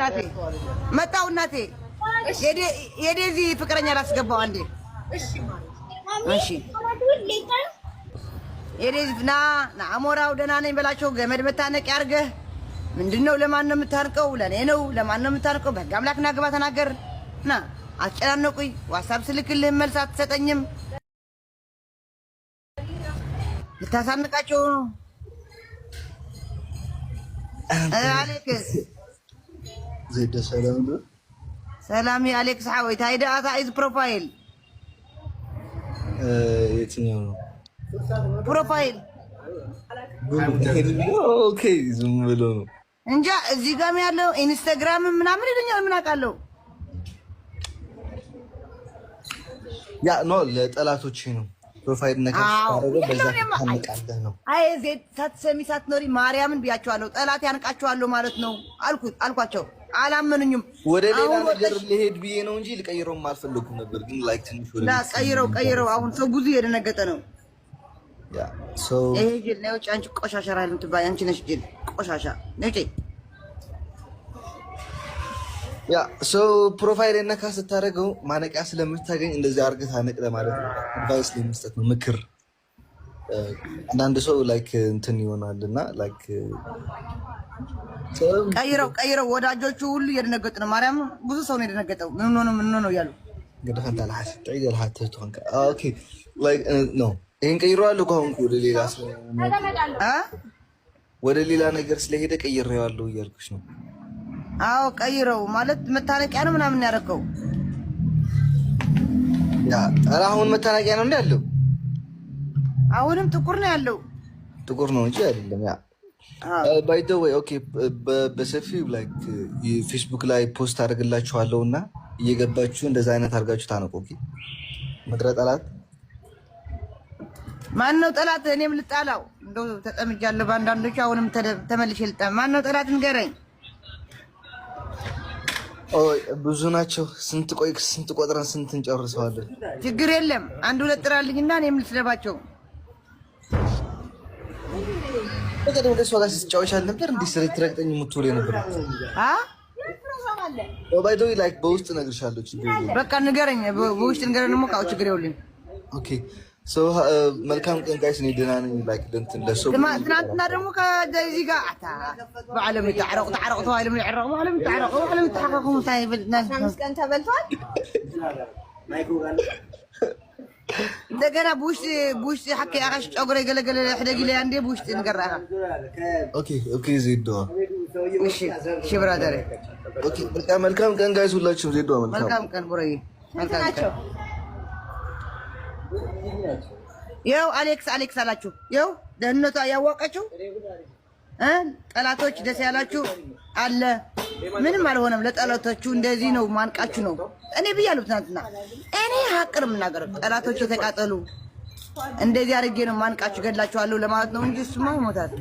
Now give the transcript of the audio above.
እናቴ መጣው እናቴ የዴዚ ፍቅረኛ ላስገባው አንዴ። እሺ የዴዚ ና ና አሞራው ደህና ነኝ በላቸው። ገመድ መታነቂያ አድርገህ ምንድን ነው? ለማን ነው የምታንቀው? ለእኔ ነው። ለማን ነው የምታንቀው? በህግ አምላክ ና ግባ ተናገር። ና አስጨናነቁኝ። ዋትሳፕ ስልክልህ መልስ አትሰጠኝም። ልታሳንቃቸው ነው አሌክስ ዘይደ ሰላም ዶ ሰላም የአሌክስ ሐወይት አይደ አታ ኢዝ ፕሮፋይል የትኛው ነው ፕሮፋይል? ኦኬ ዝም ብሎ ነው እንጃ። እዚህ ጋም ያለው ኢንስታግራም ምናምን ይለኛል። ምን አውቃለሁ? ያ ኖ ለጠላቶች ነው ፕሮፋይል ነገር ታደርገው በዛ ታንቃለህ ነው። አይ ዜድ ሳትሰሚ ሳትኖሪ ማርያምን ብያቸዋለሁ። ጠላት ያንቃቸዋለሁ ማለት ነው አልኩት አልኳቸው። አላመኑኝም። ወደ ሌላ ነገር ልሄድ ብዬ ነው እንጂ ልቀይረውም አልፈለኩም ነበር። ግን ላይክ ትንሽ ወደ ቀይረው ቀይረው። አሁን ሰው ብዙ የደነገጠ ነው። ያ ሶ ይሄ ጅል ነው። ውጭ አንቺ ቆሻሻ ራል ምትባይ አንቺ ነሽ ጅል ቆሻሻ ነጭ ያ ሶ ፕሮፋይል ነካ ስታደርገው ማነቂያ ስለምታገኝ እንደዚህ አድርገህ ታነቅ ለማለት ነው። አድቫይስ ለመስጠት ነው ምክር አንዳንድ ሰው ላይክ እንትን ይሆናል እና ላይክ ቀይረው ቀይረው ወዳጆቹ ሁሉ እየደነገጡ ነው። ማርያም ብዙ ሰው ነው የደነገጠው። ምን ሆነ ምን ሆነ እያሉ uh, ይህን ቀይረዋለሁ። ከሆንኩ ወደ ሌላ ወደ ሌላ ነገር ስለሄደ ቀይሬዋለሁ እያልኩሽ ነው። አዎ ቀይረው ማለት መታነቂያ ነው ምናምን ያደረገው አሁን መታነቂያ ነው እንዳለው አሁንም ጥቁር ነው ያለው። ጥቁር ነው እንጂ አይደለም። ያ ባይ ዘ ወይ ኦኬ። በሰፊው ላይክ ፌስቡክ uh, ላይ ፖስት አድርግላችኋለሁ እና እየገባችሁ እንደዛ አይነት አድርጋችሁ ታነቁ። ምድረ ጠላት ማን ነው ጠላት? እኔም ልጣላው እንደው ተጠምጃለሁ በአንዳንዶቹ። አሁንም ተመልሼ ልጣ ማን ነው ጠላት ንገረኝ። ብዙ ናቸው። ስንት ቆይ ስንት ቆጥረን ስንት እንጨርሰዋለን? ችግር የለም። አንድ ሁለት ጥራልኝና እኔም ልስደባቸው። በቀደም ከእሷ ጋር ስትጫወች ነበር። እንዴ? ስለተረግጠኝ የምትውል የነበር ባይዶዊ ላይክ በውስጥ እነግርሻለሁ። በቃ ንገረኝ፣ በውስጥ ንገረኝ። ደግሞ ቃ ። ችግር የለውም። ኦኬ uh, መልካም ቀን ጋይስ። እኔ ደህና ነኝ። ላይክ እንትን ትናንትና ደግሞ ከዚህ ጋር በዓለም ይታረቁ ታረቁ ተባይለም ይዕረቁ በዓለም ይታረቁ በዓለም ይታረቁ ሳይብል ናስ ቀን ተበልቷል። እንደገና ቡሽ ቡሽ ሐኪ አቀሽ ጨጉረ ገለገለ ሕደግ ኢለ አንዴ ቡሽ ንገራ ኦኬ ኦኬ ዜዶ እሺ እሺ ብራደር ኦኬ መልካም መልካም ቀን ጋይስ ሁላችሁም ዜዶ መልካም መልካም ቀን ብራይ መልካም ቀን ያው አሌክስ አሌክስ አላችሁ ያው ደህንነቷ ያዋቀችው እ ጠላቶች ደስ ያላችሁ አለ ምንም አልሆነም። ለጠላቶቹ እንደዚህ ነው ማንቃችሁ ነው። እኔ ብያለሁ ትናንትና፣ እኔ ሀቅ ነው የምናገረው። ጠላቶች የተቃጠሉ እንደዚህ አድርጌ ነው ማንቃችሁ ገድላችኋለሁ ለማለት ነው እንጂ እሱማ ይሞታል።